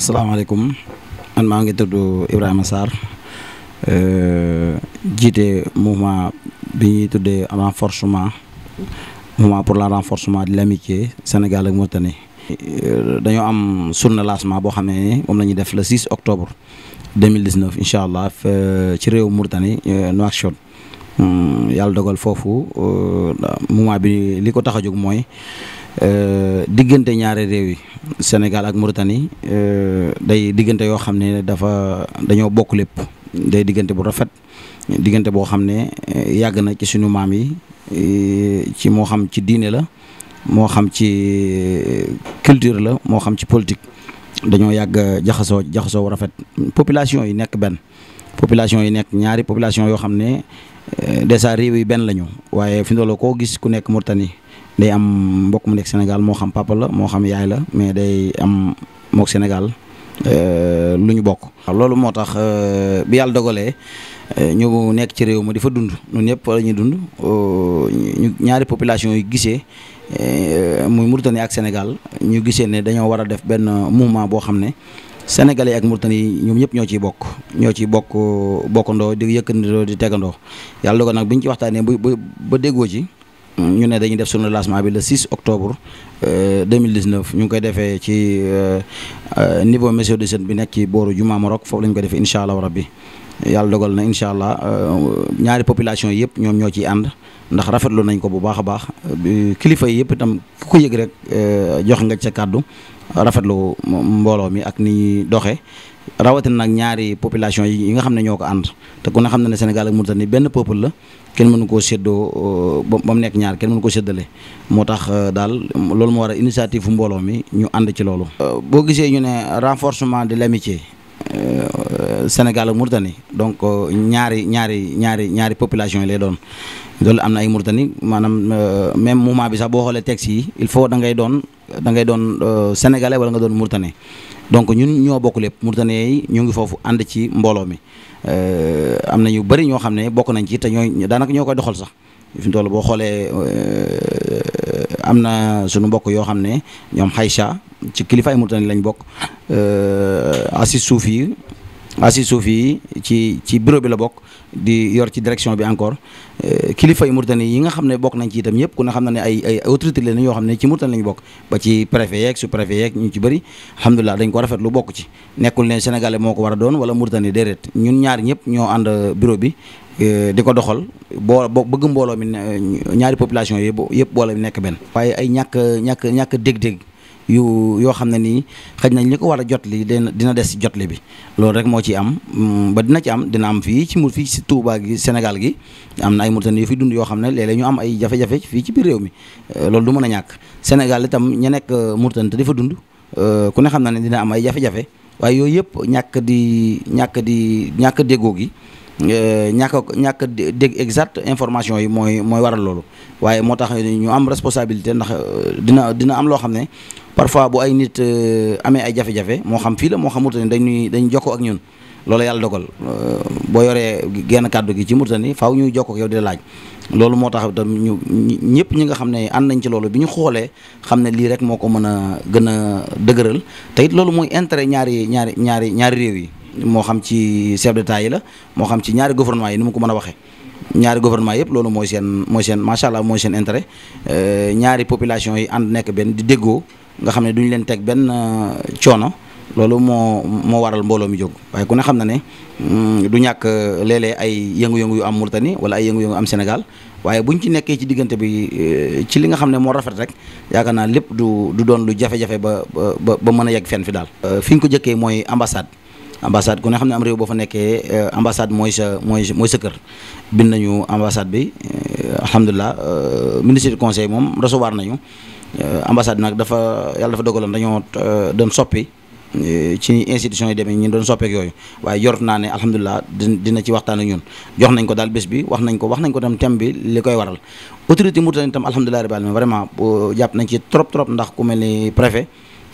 asalaamaaleykum man maa ngi tudd Ibrahima Sarr euh, jiite mouvement bi ñuy tuddee renforcement mouvement pour le renforcement de l' amitié Sénégal ak Mauritanie. Euh, dañoo am journée lancement boo xam ne moom la ñuy def le 6 octobre 2019 incha allah ci réew Mauritanie euh, Nouakchott hmm, yàlla dogal foofu mouvement bi li ko tax a jóg mooy. Euh, diggante ñaari réew yi Sénégal ak Mauritanie euh, day diggante yoo xam ne dafa dañoo bokk lépp day diggante bu rafet diggante boo xam ne euh, yàgg na ci suñu maam yi ci moo xam ci diine la moo xam ci culture la moo xam ci politique dañoo yàgg jaxasoo jaxasoo rafet population yi nekk benn population yi nekk ñaari population yoo xam ne dèjà réew yi benn lañu waaye fi ndolo koo gis ku nekk Mauritanie day am mbokk mu nekk Sénégal moo xam papa la moo xam yaay la mais day am mook Sénégal euh, lu ñu bokk. waaw loolu moo tax euh, bi yàlla dogalee euh, ñu nekk ci réew ma di fa dund ñun ñëpp la ñuy dund ñu ñaari population yi gisee muy Mauritanie ak Sénégal ñu gisee ne dañoo war a def benn mouvement boo xam ne. senegal yi ak Mauritanie yi ñoom ñëpp ñoo ciy bokk ñoo ciy bokk bokkandoo di yëkkandoo di tegandoo yàlla dogal nag bi ñu ci waxtaanee ba ba déggoo ci ñu ne dañuy def sunu lancement bi le 6 octobre 2019 euh, ñu ngi koy defee ci euh, euh, niveau monsieur de jeune bi nekk ci booru Juma Maroc foofu la ñu koy defee incha allah rabbi yàlla dogal na incha allah ñaari population yëpp ñoom ñoo ciy ànd ndax rafetlu nañ ko bu baax a baax kilifa yi yëpp itam ku ko yëg rek jox nga ca kàddu rafetlu mbooloo mi ak ni doxe rawatina nag ñaari population yi nga xam ne ñoo ko ànd te ku ne xam na ne Sénégal ak Mauritanie benn peuple la kenn mënu koo séddoo euh, ba mu nekk ñaari kenn mënu ko séddale moo tax euh, daal loolu moo war a initiative mbooloo mi ñu ànd ci loolu. Euh, boo gisee ñu ne renforcement de l'amitié Sénégal ak Mauritanie donc ñaari ñaari ñaari ñaari population yi lay doon loolu am na ay Mauritanie maanaam même moment bi sax boo xoolee texte yi il faut da ngay doon. da ngay doon euh, sénégalais wala nga doon mourtanais donc ñun ñoo bokk lépp mourtanais ñu ngi foofu ànd ci mbooloo mi euh, am na ñu bëri ñoo xam ne bokk nañ ci te ñooy daanaka ñoo koy doxal sax fi mu boo xoolee euh, am na suñu mbokk yoo xam ne ñoom xaysa ci kilifaay mourtanais lañ bokk assis suuf yi assis suuf yi ci ci bureau bi la bokk di yor ci direction bi encore euh, kilifa yi Mauritanie yi nga xam ne bokk nañ ci itam ñëpp ku ne xam na ne ay ay autorité lañ yoo xam ne ci Mauritanie la ñu bokk ba ci préfet yeeg sous préfet yeeg ñu ci bëri alhamdulilah dañ ko rafet lu bokk ci nekkul ne sénégalais moo ko war a doon wala Mauritanie déedéet ñun ñaar ñëpp ñoo ànd bureau bi euh, di ko doxal boo bëgg mbooloo mi euh, ñaari population yi yëpp boole mi nekk benn waaye ay ñàkk ñàkk ñàkk dégg-dégg yu yoo xam ne nii xëj nañ li ko war a jot li dina des ci jotle bi loolu rek moo ci am mm, ba dina ci am dina am fii ci mu fii ci Touba gi Sénégal gi am na ay Mauritanie yu fi dund yoo xam ne léeg-léeg am ay jafe-jafe fii ci biir réew mi euh, loolu du mën a ñàkk Sénégal itam ña nekk euh, Mauritanie te di fa dund euh, ku ne xam na ne dina am ay jafe-jafe waaye yooyu yëpp ñàkk di ñàkk di ñàkk déggoo gi ñàkk ñàkk dégg exact information yi mooy mooy waral loolu waaye moo tax ñu am responsabilité ndax dina dina am loo xam ne parfois bu ay nit euh, amee ay jafe-jafe moo xam fii la moo xam Mauritanie dañuy dañu jokkoo ak ñun loolu yàlla dogal euh, boo yoree genn kàddu gi ci ni faw ñuy jokk yow di laaj loolu moo tax tam ñu ñëpp ñi nga xam ne ànd nañ ci loolu bi ñu xoolee xam ne lii rek moo ko mën a gën a dëgëral te loolu mooy intere ñaari ñaari ñaari ñaari réew yi moo xam ci chef d'état yi la moo xam ci ñaari gouvernement yi ni mu ko mën a waxee ñaari gouvernement yëpp loolu mooy seen mooy seen macha allah mooy seen intérêt euh, ñaari population yi ànd nekk benn di déggoo nga xam ne duñ leen teg benn euh, coono loolu moo moo waral mbooloo mi jóg waaye ku ne xam na ne mm, du ñàkk euh, léeg ay yëngu-yëngu yu am Mauritanie wala ay yëngu-yëngu am Sénégal waaye buñ ci nekkee ci diggante bi euh, ci li nga xam ne moo rafet rek yaakaar naa lépp du du doon lu jafe-jafe ba ba ba mën a yegg fenn fi daal. fi nga ko jëkkee mooy ambassade. ambassade ku ne xam ne am réew boo fa nekkee ambassade mooy sa mooy mooy sa kër bind nañu ambassade bi alhamdulilah ministre du conseil moom recevoir nañu. Euh, ambassade nag dafa yàlla dafa dogaloon dañoo euh, doon soppi euh, ci institution yi demee ñun doon soppeek yooyu waaye yor naa ne alhamdulilah dina ci waxtaan ak ñun jox nañ ko daal bés bi wax nañ ko wax nañ ko tam thème bi li koy waral autorité Mauritanie tam alhamdulilah rabbil alamin vraiment jàpp nañ ci trop trop ndax ku mel ni préfet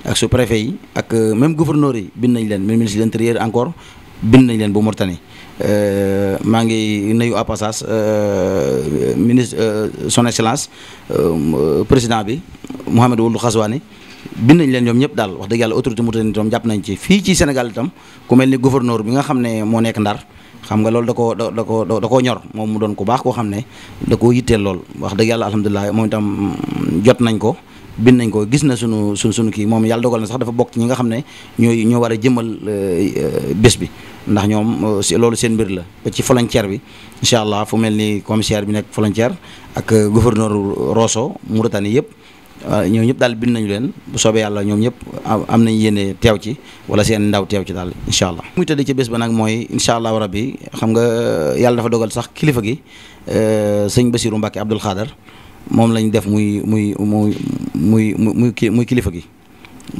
ak su préfet yi ak même gouverneur yi bind nañ leen même ministre de encore bind nañ leen bu Mauritanie maa ngi nuyu à passage ministre son excellence président bi Mouhamed Wuld Xaswaani bind nañ leen ñoom ñëpp daal wax dëgg yàlla autorité Mauritanie itam jàpp nañ ci fii ci Sénégal itam ku mel ni gouverneur bi nga xam ne moo nekk Ndar xam nga loolu da koo da koo da koo ñor moom mu doon ku baax ko xam ne da koo yitteel lool wax dëgg yàlla alhamdulilah moom itam jot nañ ko. bind nañ ko gis na sunu sunu sunu kii moom yàlla dogal na sax dafa bokk ñi nga xam ne ñooy ñoo war a jëmal euh, bés bi ndax ñoom euh, loolu seen mbir la ba ci frontière bi incha allah fu mel ni commissaire bi nekk frontière ak euh, gouverneur Rosso Mauritanie yëpp. waaw ñoo ñëpp daal bind nañu leen bu soobee yàlla ñoom ñëpp am nañ yéene teew ci wala seen ndaw teew ci daal incha allah muy tëdd ci bés ba nag mooy incha allah rabbi xam nga euh, yàlla dafa dogal sax kilifa gi euh, sëñ Basiru Mbàkke Abdul Xaadar moom lañu def muy muy muy muy muy muy kilifa gi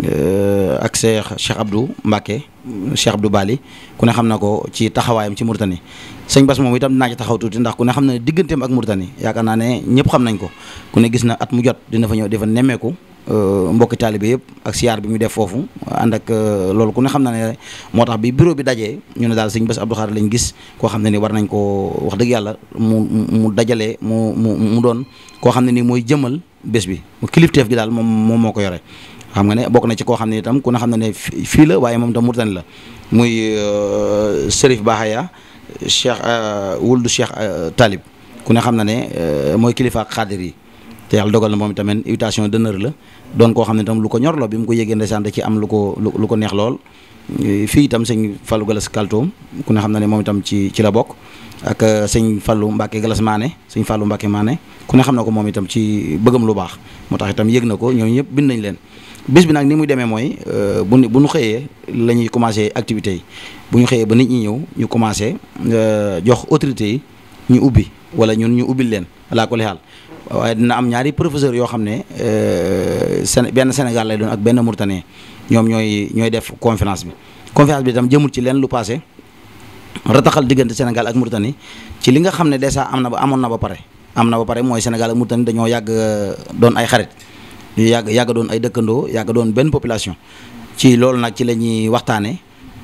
Euh, ak Cheikh Cheikh Abdou Mbacke Cheikh Abdou Bali ku ne xam na ko ci taxawaayam ci Mourtani sëñ Bass moom itam dinaa ci taxaw tuuti ndax ku ne xam na ne digganteem ak Mourtani yaakaar naa ne ñëpp xam nañ ko ku ne gis na at mu jot dina fa ñëw dafa nemmeeku euh, mbokki taalibe yëpp ak siyaar bi ñu def foofu ànd euh, loolu ku ne xam na ne moo tax bi bureau bi dajee ñu ne daal sëñ Bass Abdou Khadre lañ gis koo xam ne ni war nañ koo wax dëgg yàlla mu mu dajalee mu mu mu doon koo xam ne ni mooy jëmal bés bi kilifteef gi daal moom moom moo ko yore xam nga ne bokk na ci koo xam ne itam ku na xam na ne fii la waaye moom tam Mauritanie la muy Serif euh, Bahaya Cheikh euh, wuldu Cheikh euh, Talib ku ne xam na ne mooy kilifa ak xaadir yi te yàlla dogal na moom itamit invitation d'honneur la doon koo xam ne itam lu ko ñor la bi mu ko yëgee ndeysaan da ci am lu ko lu ko neex lool fii itam sëñ falu Galas Kaltoum ku ne xam na ne moom itam ci ci la bokk ak sëñ Fallou Mbacke Galas Mané sëñ Fallou Mbacke Mané ku ne xam na ko moom itam ci bëggam lu baax moo tax itam yëg na ko ñooñu ñëpp bind nañ leen bis bi nag ni muy demee mooy euh, bu ñu bu ñu xëyee la ñuy commencé activités yi bu ñu xëyee ba nit ñi ñëw ñu commencé euh, jox autorités yi ñu ubbi wala ñun ñu ubbil leen laa ko waaye dina am ñaari professeur yoo xam ne euh, Séné benn Sénégal lay doon ak benn Mauritanie ñoom ñooy ñooy def conférence bi conférence bi itam jëmul ci leen lu passé rataxal diggante Sénégal ak Mauritanie ci li nga xam ne déjà am na ba amoon na ba pare am na ba pare mooy Sénégal ak Mauritanie dañoo yàgg doon ay xarit ñu yàgg yàgg doon ay dëkkandoo yàgg doon benn population ci loolu nag ci la ñuy waxtaanee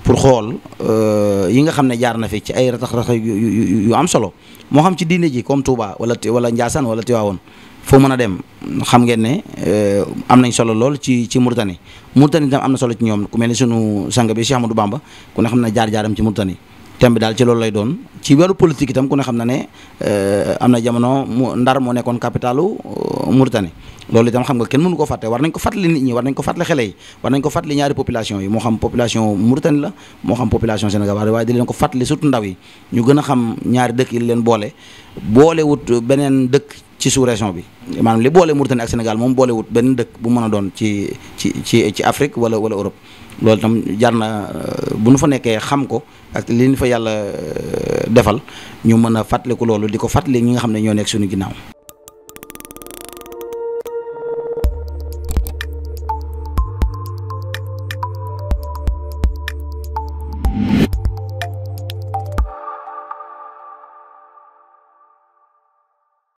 pour xool euh, yi nga xam ne jaar na fi ci ay ratax-ratax yu am solo moo xam ci diine ji comme Touba wala wala Ndiassane wala Tivaouane foo mën a dem xam ngeen ne euh, am nañ solo lool ci ci Mauritanie Mauritanie tam am na solo ci ñoom ku mel ni sunu sang bi Cheikh du Bamba ku ne xam ne jaar-jaaram ci Mauritanie thème bi daal ci loolu lay doon ci wàllu politique itam ku ne xam na ne euh, am na jamono mu ndar moo nekkoon capitalu euh, Mauritanie loolu itam xam nga kenn mënu ko fàtte war nañ ko fàttali nit ñi war nañ ko fàttali xele yi war nañ ko fàttali ñaari population yi moo xam population Mauritanie la moo xam population Sénégal waaye di ko fàttali surtout ndaw yi ñu gën a xam ñaari dëkk yi leen boole boolewut beneen dëkk ci sous région bi maanaam li boole Mauritanie ak Sénégal moom boolewut benn dëkk bu mën a doon ci ci ci ci Afrique wala wala Europe loolu tam jar na euh, bu nu fa nekkee xam ko ak li nu fa yàlla euh, defal ñu mën a fàttaliku loolu di ko fàttali ñi nga xam ne ñoo nekk suñu ginnaaw.